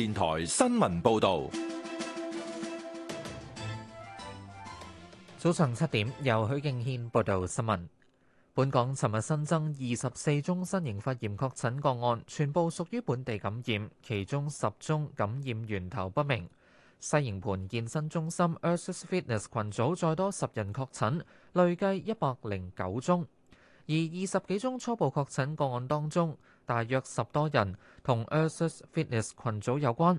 電台新聞報道，早上七點由許敬軒報道新聞。本港尋日新增二十四宗新型肺炎確診個案，全部屬於本地感染，其中十宗感染源頭不明。西營盤健身中心 Earth's Fitness 群組再多十人確診，累計一百零九宗。而二十幾宗初步確診個案當中，大約十多人同 Ursus Fitness 群組有關。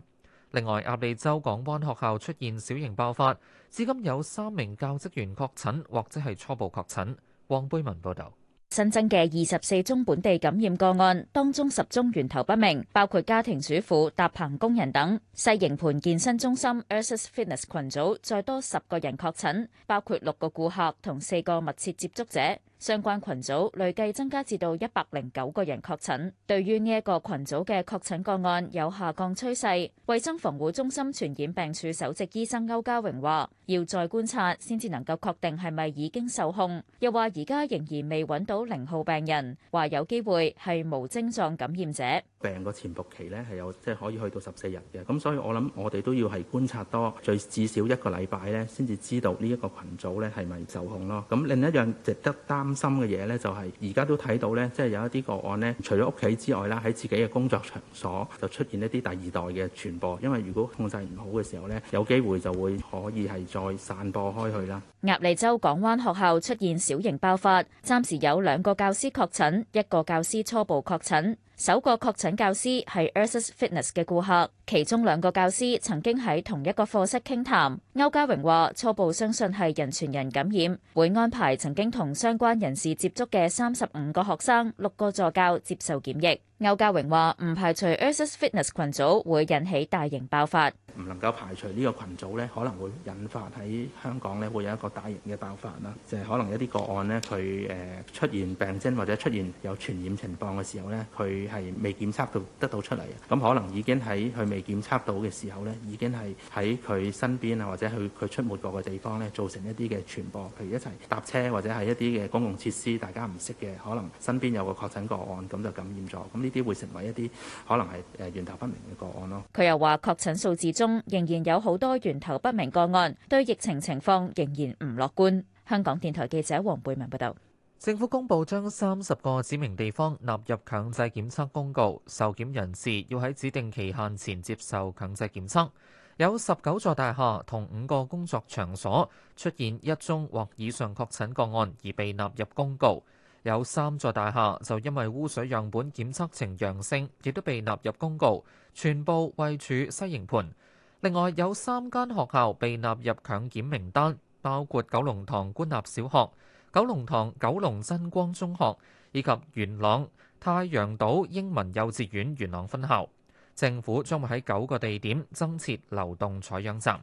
另外，鴨脷洲港灣學校出現小型爆發，至今有三名教職員確診或者係初步確診。黃貝文報導，新增嘅二十四宗本地感染個案，當中十宗源頭不明，包括家庭主婦、搭棚工人等。西營盤健身中心 Ursus Fitness 群組再多十個人確診，包括六個顧客同四個密切接觸者。相關群組累計增加至到一百零九個人確診。對於呢一個群組嘅確診個案有下降趨勢，衛生防護中心傳染病處首席醫生歐家榮話，要再觀察先至能夠確定係咪已經受控。又話而家仍然未揾到零號病人，話有機會係無症狀感染者。病個潛伏期呢係有即係可以去到十四日嘅，咁所以我諗我哋都要係觀察多，最至少一個禮拜呢先至知道呢一個群組呢係咪受控咯。咁另一樣值得擔。擔心嘅嘢咧，就係而家都睇到咧，即係有一啲個案咧，除咗屋企之外啦，喺自己嘅工作場所就出現一啲第二代嘅傳播。因為如果控制唔好嘅時候咧，有機會就會可以係再散播開去啦。鴨脷洲港灣學校出現小型爆發，暫時有兩個教師確診，一個教師初步確診。首個確診教師係 Ursus Fitness 嘅顧客，其中兩個教師曾經喺同一個課室傾談，談。歐家榮話初步相信係人傳人感染，會安排曾經同相關人士接觸嘅三十五個學生、六個助教接受檢疫。歐家榮話唔排除 Ursus Fitness 群組會引起大型爆發，唔能夠排除呢個群組咧可能會引發喺香港咧會有一個大型嘅爆發啦，就係、是、可能一啲個案咧佢誒出現病徵或者出現有傳染情況嘅時候咧佢。係未檢測到得到出嚟嘅，咁可能已經喺佢未檢測到嘅時候呢，已經係喺佢身邊啊，或者佢佢出沒過嘅地方呢，造成一啲嘅傳播，譬如一齊搭車或者係一啲嘅公共設施，大家唔識嘅，可能身邊有個確診個案，咁就感染咗。咁呢啲會成為一啲可能係誒源頭不明嘅個案咯。佢又話，確診數字中仍然有好多源頭不明個案，對疫情情況仍然唔樂觀。香港電台記者黃貝文報道。政府公布將三十個指明地方納入強制檢測公告，受檢人士要喺指定期限前接受強制檢測。有十九座大廈同五個工作場所出現一宗或以上確診個案而被納入公告，有三座大廈就因為污水樣本檢測呈陽性，亦都被納入公告，全部位處西營盤。另外有三間學校被納入強檢名單，包括九龍塘官立小學。九龍塘九龍真光中學以及元朗太陽島英文幼稚園元朗分校，政府將會喺九個地點增設流動採樣站。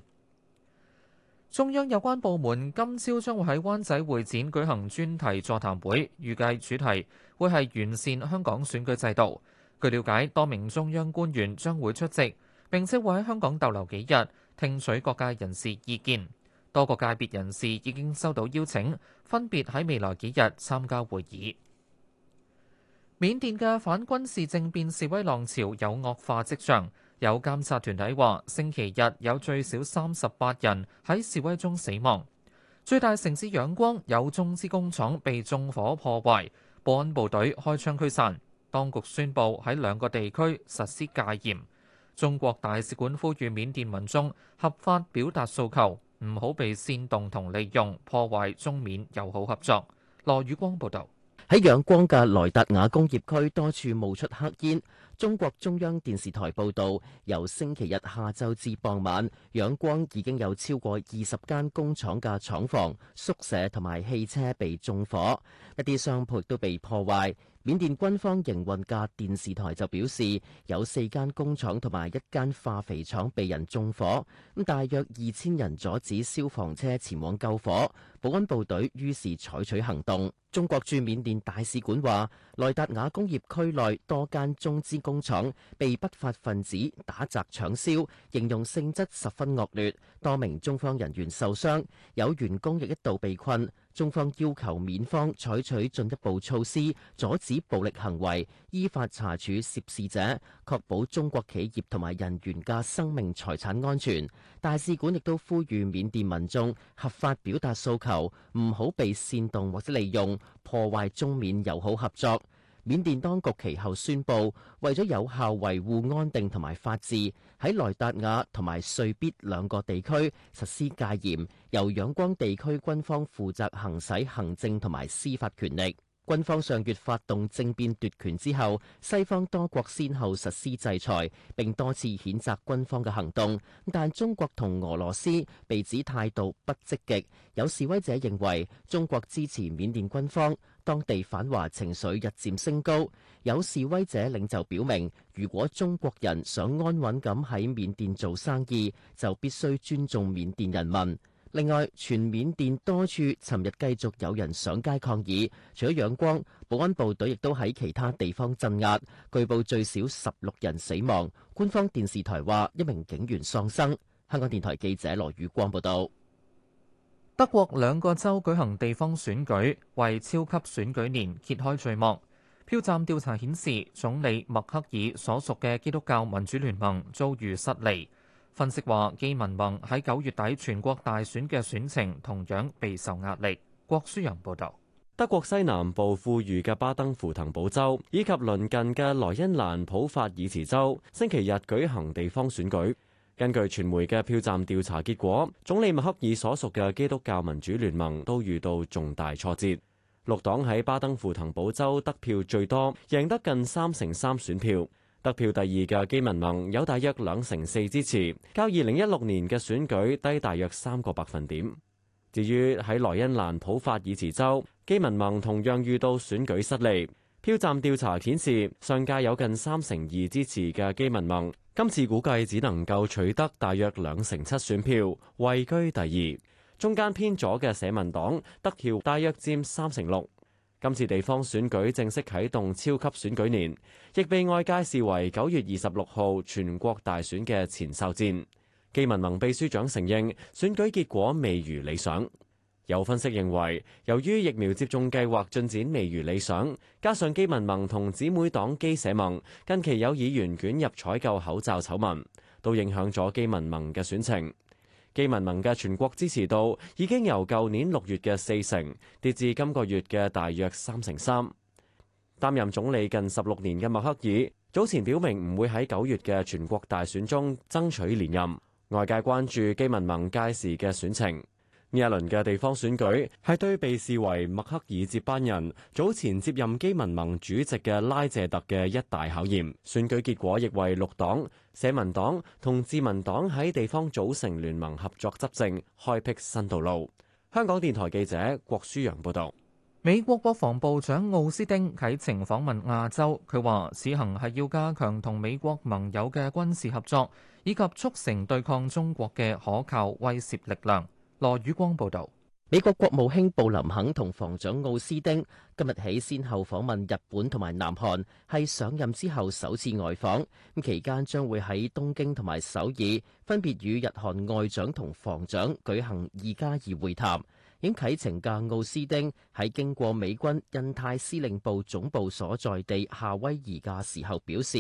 中央有關部門今朝將會喺灣仔會展舉行專題座談會，預計主題會係完善香港選舉制度。據了解，多名中央官員將會出席，並且會喺香港逗留幾日，聽取各界人士意見。多個界別人士已經收到邀請，分別喺未來幾日參加會議。緬甸嘅反軍事政變示威浪潮有惡化跡象，有監察團體話星期日有最少三十八人喺示威中死亡。最大城市仰光有中資工廠被縱火破壞，保安部隊開槍驅散，當局宣布喺兩個地區實施戒嚴。中國大使館呼籲緬甸民眾合法表達訴求。唔好被煽動同利用破壞中緬友好合作。羅宇光報道：喺仰光嘅萊達雅工業區多處冒出黑煙。中國中央電視台報道，由星期日下晝至傍晚，仰光已經有超過二十間工廠嘅廠房、宿舍同埋汽車被縱火，一啲商鋪都被破壞。緬甸軍方營運嘅電視台就表示，有四間工廠同埋一間化肥廠被人縱火，咁大約二千人阻止消防車前往救火，保安部隊於是採取行動。中國駐緬甸大使館話，萊達雅工業區內多間中資工廠被不法分子打砸搶燒，形容性質十分惡劣，多名中方人員受傷，有員工亦一度被困。中方要求緬方採取進一步措施，阻止暴力行為，依法查處涉事者，確保中國企業同埋人員嘅生命財產安全。大使館亦都呼籲緬甸民眾合法表達訴求，唔好被煽動或者利用，破壞中緬友好合作。緬甸當局其後宣布，為咗有效維護安定同埋法治，喺萊達雅同埋瑞必兩個地區實施戒嚴，由仰光地區軍方負責行使行政同埋司法權力。軍方上月發動政變奪權之後，西方多國先後實施制裁，並多次譴責軍方嘅行動。但中國同俄羅斯被指態度不積極。有示威者認為中國支持緬甸軍方，當地反華情緒日漸升高。有示威者領袖表明，如果中國人想安穩咁喺緬甸做生意，就必須尊重緬甸人民。另外，全緬甸多處尋日繼續有人上街抗議，除咗仰光，保安部隊亦都喺其他地方鎮壓，據報最少十六人死亡。官方電視台話一名警員喪生。香港電台記者羅宇光報道。德國兩個州舉行地方選舉，為超級選舉年揭開序幕。票站調查顯示，總理默克爾所屬嘅基督教民主聯盟遭遇失利。分析話，基民盟喺九月底全國大選嘅選情同樣備受壓力。郭書陽報道:德國西南部富裕嘅巴登符騰堡州，以及鄰近嘅萊茵蘭普法爾茨州，星期日舉行地方選舉。根據傳媒嘅票站調查結果，總理默克爾所屬嘅基督教民主聯盟都遇到重大挫折。六黨喺巴登符騰堡州得票最多，贏得近三成三選票。得票第二嘅基民盟有大約兩成四支持，較二零一六年嘅選舉低大約三個百分點。至於喺萊茵蘭普法爾茨州，基民盟同樣遇到選舉失利。票站調查顯示，上屆有近三成二支持嘅基民盟，今次估計只能夠取得大約兩成七選票，位居第二。中間偏左嘅社民黨得票大約佔三成六。今次地方選舉正式啟動超級選舉年，亦被外界視為九月二十六號全國大選嘅前哨戰。基民盟秘書長承認選舉結果未如理想，有分析認為，由於疫苗接種計劃進展未如理想，加上基民盟同姊妹黨基社盟近期有議員捲入採購口罩醜聞，都影響咗基民盟嘅選情。基民盟嘅全國支持度已經由舊年六月嘅四成跌至今個月嘅大約三成三。擔任總理近十六年嘅默克爾早前表明唔會喺九月嘅全國大選中爭取連任，外界關注基民盟屆時嘅選情。呢一輪嘅地方選舉係對被視為默克爾接班人、早前接任基民盟主席嘅拉謝特嘅一大考驗。選舉結果亦為綠黨、社民黨同自民黨喺地方組成聯盟合作執政，開闢新道路。香港電台記者郭舒揚報導。美國國防部長奧斯丁啟程訪問亞洲，佢話此行係要加強同美國盟友嘅軍事合作，以及促成對抗中國嘅可靠威懾力量。羅宇光報道，美國國務卿布林肯同防長奧斯丁今日起先後訪問日本同埋南韓，係上任之後首次外訪。咁期間將會喺東京同埋首爾分別與日韓外長同防長舉行二加二會談。已啟程嘅奧斯丁喺經過美軍印太司令部總部所在地夏威夷嘅時候表示，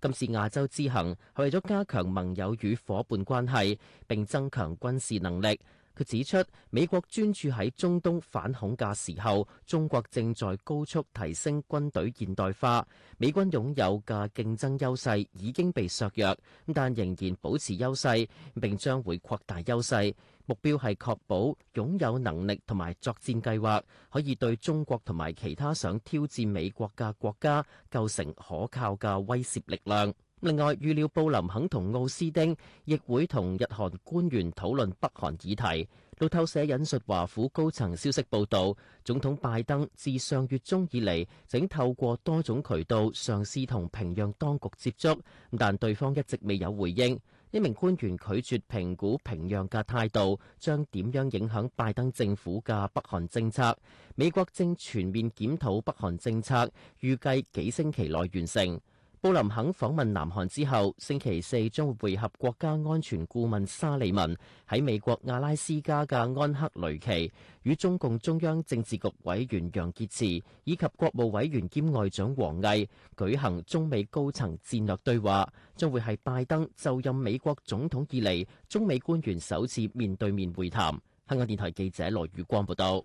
今次亞洲之行係為咗加強盟友與伙伴關係，並增強軍事能力。佢指出，美國專注喺中東反恐嘅時候，中國正在高速提升軍隊現代化。美軍擁有嘅競爭優勢已經被削弱，但仍然保持優勢，並將會擴大優勢。目標係確保擁有能力同埋作戰計劃，可以對中國同埋其他想挑戰美國嘅國家構成可靠嘅威懾力量。另外預料，布林肯同奧斯丁亦會同日韓官員討論北韓議題。路透社引述華府高層消息報道，總統拜登自上月中以嚟，就透過多種渠道嘗試同平壤當局接觸，但對方一直未有回應。一名官員拒絕評估平壤嘅態度將點樣影響拜登政府嘅北韓政策。美國正全面檢討北韓政策，預計幾星期內完成。布林肯訪問南韓之後，星期四將會會合國家安全顧問沙利文，喺美國阿拉斯加嘅安克雷奇，與中共中央政治局委員楊潔篪以及國務委員兼外長王毅舉行中美高層戰略對話，將會係拜登就任美國總統以嚟中美官員首次面對面會談。香港電台記者羅宇光報道。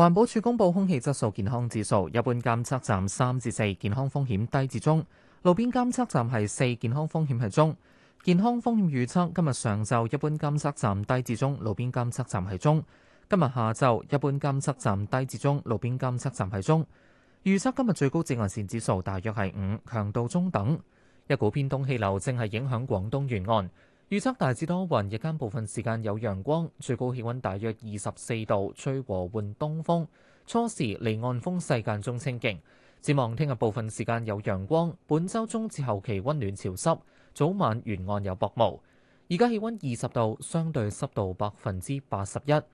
環保署公布空氣質素健康指數，一般監測站三至四，健康風險低至中；路邊監測站係四，健康風險係中。健康風險預測今日上晝一般監測站低至中，路邊監測站係中；今日下晝一般監測站低至中，路邊監測站係中。預測今日最高紫外線指數大約係五，強度中等。一股偏東氣流正係影響廣東沿岸。預測大致多雲，日間部分時間有陽光，最高氣溫大約二十四度，吹和緩東風，初時離岸風勢間中清勁。展望聽日部分時間有陽光，本周中至後期溫暖潮濕，早晚沿岸有薄霧。而家氣溫二十度，相對濕度百分之八十一。